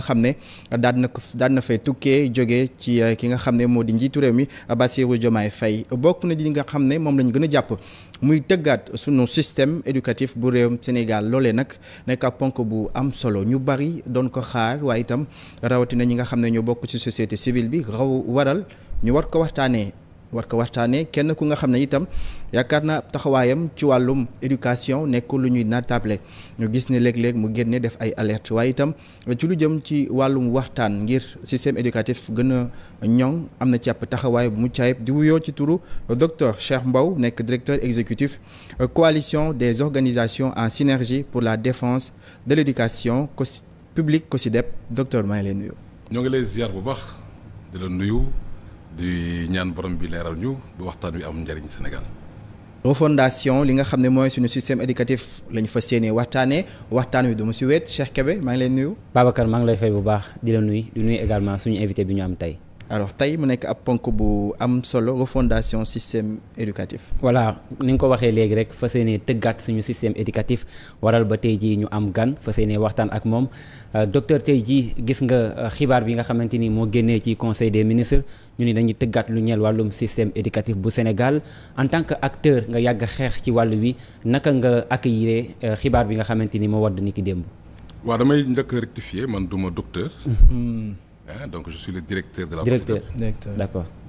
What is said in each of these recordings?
nga xam ne daan na ko daan na fay tukkee jógee ci eh, ki nga xam ne moo di njiitu réew mi eh, Bassirou Diomaye Faye bokk na di nga xam ne moom lañu gën a jàpp muy tëggaat sunu système éducatif bu réewum Sénégal loolee nag nekk ab ponk bu am solo ñu bari doon ko xaar waaye itam rawatina ñi nga xam ne ñoo bokk ci société civile bi waral ñu war ko waxtaanee. war ko waxtaanee kenn ku nga xam ne itam yaakaar naa taxawaayam ci wàllum éducation nekk lu ñuy naatable ñu gis ne léeg-léeg mu génnee def ay alerte waaye itam ci lu jëm ci wàllum waxtaan ngir système éducatif gën a ñoŋ am na ci ab taxawaay bu mu caayib di wuyoo ci turu docteur Cheikh mbaw nekk directeur exécutif coalition des organisations en synergie pour la défence de l'éducation publique COSYDEP docteur maa ngi leen nuyu. ñoo ngi lay ziar bu baax di la di ñaan borom bi leeral ñu bu waxtaan wi am njëriñ Sénégal. refondation li nga xam ne mooy suñu système éducatif la ñu fas yéenee waxtaanee waxtaan wi du ma si wéet Cheikh maa ngi lay nuyu. Babacar maa ngi lay fay bu baax di la nuyu di nuy également suñu invité bi ñu am tey. alors tey mu nekk ab ponk bu am solo refondation système éducatif. voilà ni nga ko waxee léegi rek fas yéene tëggaat suñu système éducatif waral ba tey jii ñu am gan fas yéene waxtaan ak moom euh, docteur tey jii gis nga euh, xibaar bi nga xamante ni moo génnee ci conseil des ministre ñu ni dañuy tëggaat lu ñeel wàllum système éducatif bu Sénégal en tant que acteur nga yàgg xeex ci wàllu wi naka nga ak accueillir euh, xibaar bi nga xamante ni moo wadd ni ki démb. waaw damay duma docteur. Mm-hmm. ah donc je le directeur de la. directeur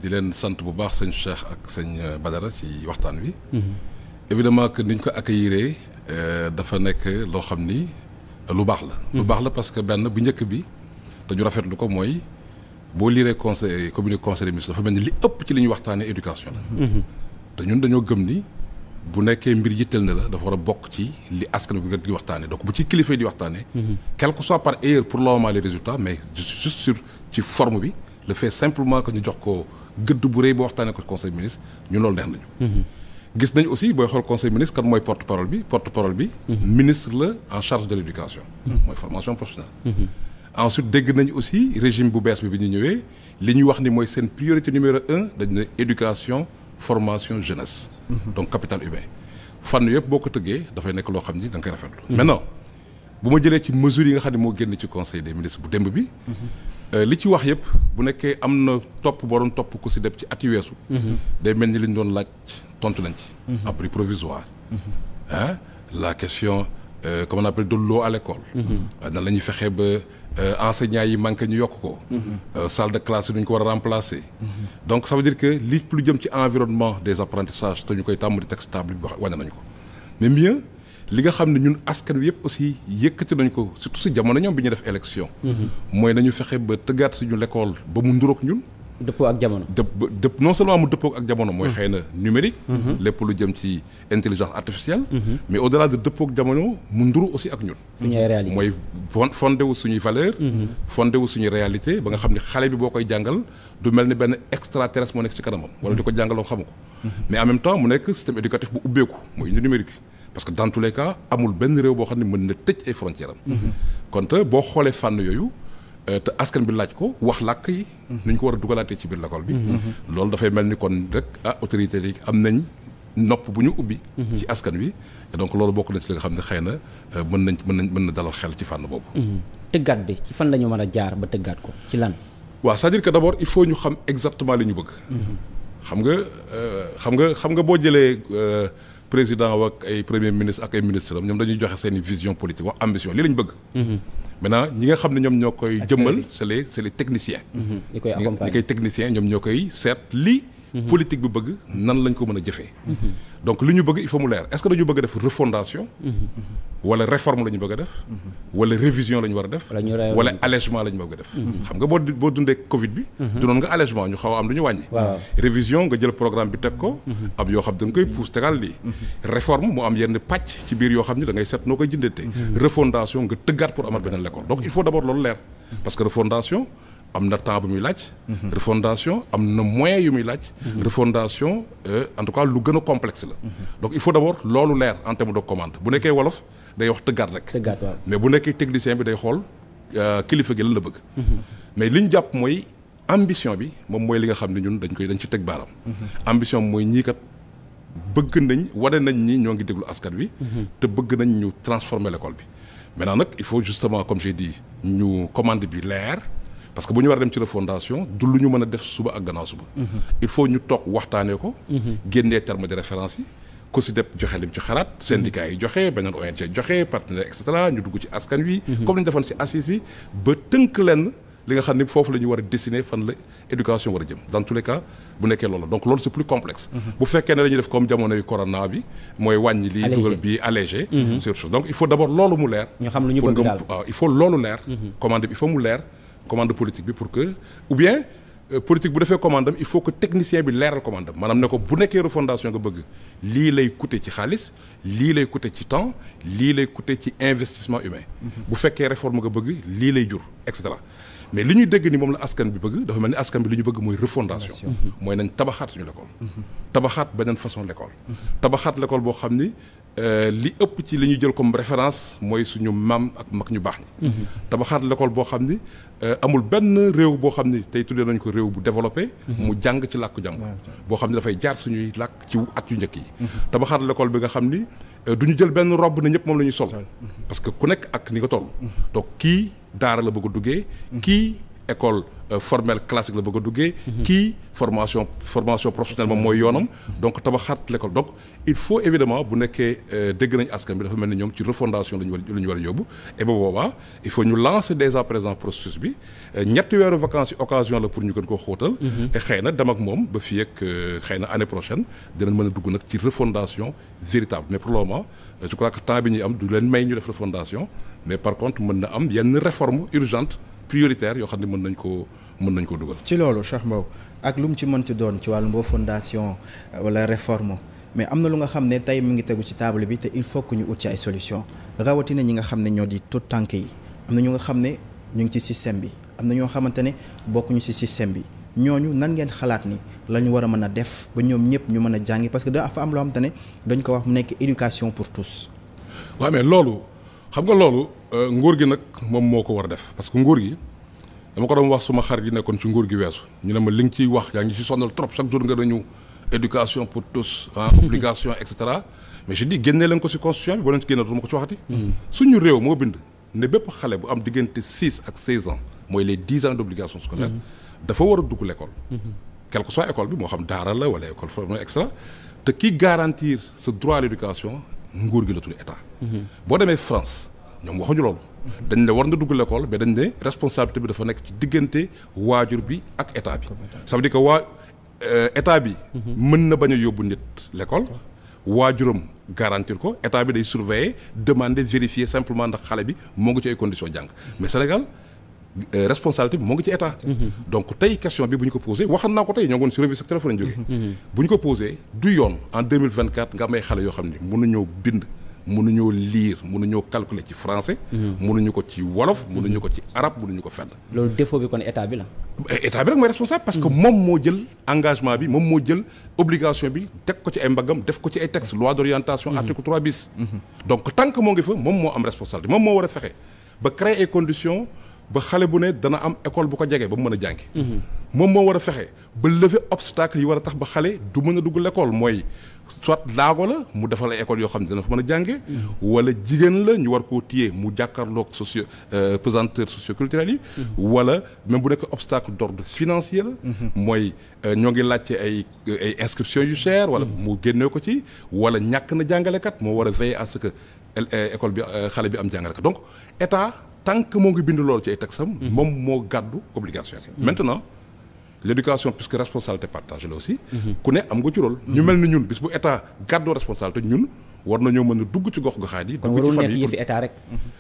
di leen sant bu baax sëñ seex ak sëñ euh, Badara ci waxtaan wi. Mhm. évidemment que ni ñu ko ak accueillir euh, dafa nekk loo xam ni lu baax la. lu mhm. baax la parce que benn bu njëkk bi dañu ñu rafetlu ko mooy boo liiree conseil communiqué conseil des ministres dafa mel ni li ëpp ci li ñuy waxtaanee éducation la. Mhm. te ñun dañoo gëm ni. bu nekkee mbir yitteel na la dafa war a bokk ci li askan bi di waxtaanee donc bu ci kilifa di waxtaanee. Mhm. quel que soit par ailleurs pour le moment les mais je suis ci forme bi le fait simplement que ñu jox ko gëdd bu rëy ba waxtaanee ko conseil ministre ñu loolu neex nañu. Mhm. gis nañ aussi booy xool conseil ministre kan mooy porte parole bi porte parole bi. Mhm. ministre la en charge de l' éducation. mooy formation professionnelle. ensuite dégg nañ aussi régime bu bees bi bi ñu ñëwee li ñu wax ni mooy seen priorité numéro un dañu formation jeunesse. donc capital humain. fànn yëpp boo ko tëggee dafay nekk loo xam ni da nga koy rafetlu. maintenant bu ma jëlee ci mesures yi nga xam ne moo génn ci conseil des ministres bu démb bi. Euh, li ci wax yëpp bu nekkee am na topp boo doon topp ko si def ci at yu weesu. day mel ni li ñu doon laaj tontu nañ ci. Mhm. abri provisoire. Mhm. la question. Euh, comment on appelle de l'eau à l'école mhm. euh, nan la ñuy fexe ba euh, enseignants yi manqué ñu yokk ko mhm. salle de classe yi ñu ko war a remplacer mhm. donc ça veut dire que li plus jëm ci environnement des apprentissages te ñu koy tàmm di teg table bi wax wane nañu ko mais mieux li nga xam ne ñun askan wi yëpp aussi yëkkati nañ ko surtout si jamono ñoom bi ñu def élection mooy nañu fexe ba tëggaat suñu lekkool ba mu nduroog ñun dëppoo ak jamono dëpp dëpp non seulement mu jamono mooy mm-hmm. xëy na numérique mm-hmm. lépp lu jëm ci intelligence artificielle mm-hmm. mais au delà de dëppoo ak jamono mu nduru aussi ak ñun suñuy réalité mooy fondé wu suñuy valeur fondé wu suñuy réalité ba nga xam ne xale bi boo koy jàngal du mel ni benn extraterrestre moo nekk ci kanamam wala di ko jàngaloo xamu ko mais en temps mu nekk système éducatif bu ubbeeku mooy indi numérique parce que dans tous amul benn réew boo xam ne mën na tëj ay frontières am kon te boo xoolee fànn yooyu Euh, te askan bi laaj ko wax làkk yi. Mhm. nuñ ko war a dugalaatee ci biir l'école bi. Mhm. loolu dafay mel ni kon rek ah autorité yi am nañ nopp bu ñu ubbi. Mhm. ci askan wi et donc loolu bokk na ci li nga xam ne xëy na euh, mën nañ mën nañ mën na dalal xel ci fànn boobu. tëggaat bi ci fan la ñu mën a jaar ba tëggaat ko ci lan. waaw c'est-à-dire que d'abord il faut ñu xam exactement li ñu bëgg. xam nga euh, xam nga xam nga boo jëlee. président ak ay premier ministre ak ay ministre ñoom dañuy joxe seen vision politique wax ambition lii lañ bëgg. Mhm. maintenant ñi nga xam ne ñoom ñoo koy. jëmmal c'est les c'est les techniciens. Mhm. ñi koy accompagner ñoom ñoo koy seet lii. Mhm. politique bi bëgg nan lañ ko mën a jëfee. donc li ñu bëgg il fa mu leer est-ce que dañu bëgg def refondation. wala réforme la ñu bëgg a def. wala révision la ñu war a def. wala allègement la ñu bëgg a def. Mhm. xam nga boo boo dundee Covid bi. Mhm. dunoon nga allègement ñu xaw a am lu ñu wàññi. révision nga jël programme bi teg ko. am mhm. yoo xam da nga koy pousse tegal lii. réforme mu am yenn pàcc ci biir yoo xam ne da ngay seet noo koy jëndatee. refondation nga tëggaat pour amat beneen l'école donc il faut d' abord loolu leer. parce que refondation am na temps bu muy laaj. refondation am euh, en tout cas lu gën a complexe la. donc il faut loolu leer en terme de nekkee wolof. day wax tëggaat rek. tëggaat waaw mais bu nekkee technicien bi day xool euh, kilifa gi lan la bëgg. mais li ñu jàpp mooy ambition bi moom mooy li nga xam ne ñun dañ koy dañ ci teg baaram. ambition mooy ñii kat bëgg nañ wane nañ ñi ñoo ngi déglu askan wi. te bëgg nañ ñu transformer l'école bi. maintenant nag il faut justement comme j'ai dit ñu commande bi leer parce que bu ñu war a dem ci refondation du lu ñu mën a def suba ak gannaaw suba. il faut ñu toog waxtaanee ko. Mm-hmm. génnee terme de référence yi. ku si def joxe lim ci xalaat. syndicat yi joxe beneen ONG joxe partenaire et ñu dugg ci askan wi. Mhm. comme ni ñu si assises ba tënk leen li nga xam ne foofu la war a dessiner fan la éducation war a jëm dans tous les cas bu nekkee loolu donc loolu c'est plus complexe. Mhm. bu fekkee ne dañuy def comme jamono corona bi mooy wàññi. lii dugal bi allégé. Mhm. surtout donc il faut d'abord loolu mu leer. ñu xam lu ñu bëgg daal waaw ah, il faut loolu leer. commande bi il Euh, politique bu defee commande am il faut que technicien bi leeral commande am maanaam ne ko bu nekkee refondation nga bëgg lii lay coûter ci xaalis lii lay coûter ci temps lii lay coûter ci investissement humain. Mhm. bu fekkee réforme nga bëgg lii lay jur et cetera mais li ñuy dégg ni moom la askan bi bëgg dafa mel ni askan bi li ñu bëgg mooy refondation. mooy nañ tabaxaat suñu l'école. Mhm. tabaxaat beneen façon l'école. Mhm. tabaxaat l'école boo xam ni. Euh, li ëpp ci li ñuy jël comme référence mooy suñu maam ak mag ñu baax ñi mhm. tabaxaat l'école boo xam ni euh, amul benn réew boo xam ni tey tuddee nañ ko réew bu développé mhm. mu jàng ci làkku jàng boo xam ne dafay jaar suñuy làkk ci at yu njëkk yi mhm. xar lekkool bi nga xam ni euh, duñu jël benn robe ne ñëpp moom la ñuy sol parce que ku nekk ak ni nga toll donc kii daara la bëgg a duggee kii école euh, formelle classique la bëgg a duggee. Mhm. kii formation formation professionnelle moom mooy yoonam. Mhm. donc tabaxaat l'école donc il faut évidemment bu nekkee euh, dégg nañu askan bi dafa mel ni ñoom ci refondation la war a yóbbu. et ba il faut ñu lancer dès à présent processus bi euh, ñetti weeru vacances occasion la pour ñu gën koo xóotal. Mhm. te xëy dem ak moom ba fii ak xëy prochaine dinañ mën a dugg nag ci refondation véritable mais pour le moment je prioritaire yoo xam ne mën nañ ko mën nañ ko dugal. ci loolu Cheikh Mbow ak lu mu ci mënti doon ci wàllum boo fondation euh, wala réforme mais am na lu nga xam ne tey mu ngi tegu ci taable bi te il faut que ñu ut ci ay solution rawatina ñi nga xam ne ñoo di tout tànk yi am na ñu nga xam ne ñu ngi ci système bi am na ñoo xamante ne bokkuñu ci système bi. ñooñu nan ngeen xalaat ni lañu ñu war a mën a def ba ñoom ñëpp ñu mën a jàngi parce que dafa am loo xam ne dañ ko wax mu nekk éducation pour xam nga loolu euh, nguur gi nag moom moo ko war a def parce que nguur gi dama ko doon wax suma xarit yi nekkoon ci nguur gi weesu ñu ne ma li nga ciy wax yaa ngi ci sonal trop chaque jour nga dañu éducation pour tous obligation et cetera mais je dis génnee leen ko ci constitution bi boo leen ci génne duma ko ci waxati mm-hmm. suñu réew moo bind ne bépp xale bu am diggante six ak seize ans mooy les dix ans d' obligation scolaire mm-hmm. dafa war a dugg l' école mm-hmm. quelle que école bi moo xam daara la wala école formelle et cetera te kii garantir ce droit à l' éducation nguur gi la tudd état. boo demee France ñoom waxuñu loolu. dañ ne war nga dugg lekkool mais dañ ne responsabilité bi dafa nekk ci diggante waajur bi ak état bi. ça veut dire waa euh, état bi. mën na bañ a yóbbu nit l'école. waajuram garantir ko état bi day surveiller demande vérifier simplement ndax xale bi moo ngi ci ay conditions jàng mais Sénégal. Euh, responsabilité bi moo ngi ci état. Mhm. donc tey question bi bu ko posé waxoon naa ko tey ñoo ngi woon si revue secteur fa lañ jógee. Mhm. Mhm. bu ñu ko posé du yoon en deux mille vingt quatre nga may xale yoo xam ne mënuñoo bind. mënuñoo lire mënuñoo calculer ci français. mënuñu ko ci wolof mënuñu ko ci arab mënuñu ko fenn. loolu défaut bi kon état bi la. Euh, état bi rek mooy responsable parce que moom moo jël engagement bi moom moo jël obligation bi teg ko ci ay mbaggam def ko ci ay texte loi d'orientation. article trois bis. donc tant que moo ngi fa moom moo am responsabilité moom moo a fexe ba créer ba xale bu ne dana am école bu ko jegee ba mu mën a jàngi moom moo war a fexe ba lever obstacle yi war a tax ba xale du mën a dugg l'école mooy soit laago la mu defal ay école yoo xam ne dana fa mën a jànge wala jigéen la ñu war koo téye mu jàkkarlook jàkkaarloog socio euh, pesanteur socioculturel yi wala même bu nekk obstacle d'ordre financier la mooy euh, ñoo ngi laajte ay ay inscription yu cher wala mu génnee ko ci wala ñàkk na jàngalekat moo war a veiller à ce que euh, école bi xale bi am jàngalekat donc tant que moo ngi bind loolu ci ay taxam moom moo gàddu obligation mm-hmm. maintenant l'éducation puisque responsabilité partagée la aussi mm-hmm. ku ne am nga ci rôle mm-hmm. ñu mel ni ñun bis bu état gàddoo responsabilité ñun war na nañoo mën a dugg ci gox goxaat yi dugg ci famille yëfi état rek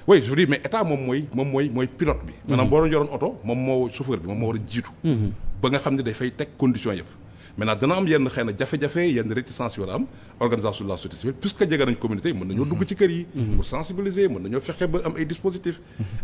oui je mais état moom mooy moom mooy mooy pilote bi maanaam boo yoroon oto moom moo chauffeur bi moom moo war a jiitu ba nga xam ne dafay teg condition yëpp maintenant dana am yenn xëy na jafe-jafe yenn réticence yu war a am organisation de la société civile puisque jege nañ communauté yi mën nañoo dugg ci kër yi mm-hmm. pour sensibiliser mën nañoo fexe ba am ay dispositifs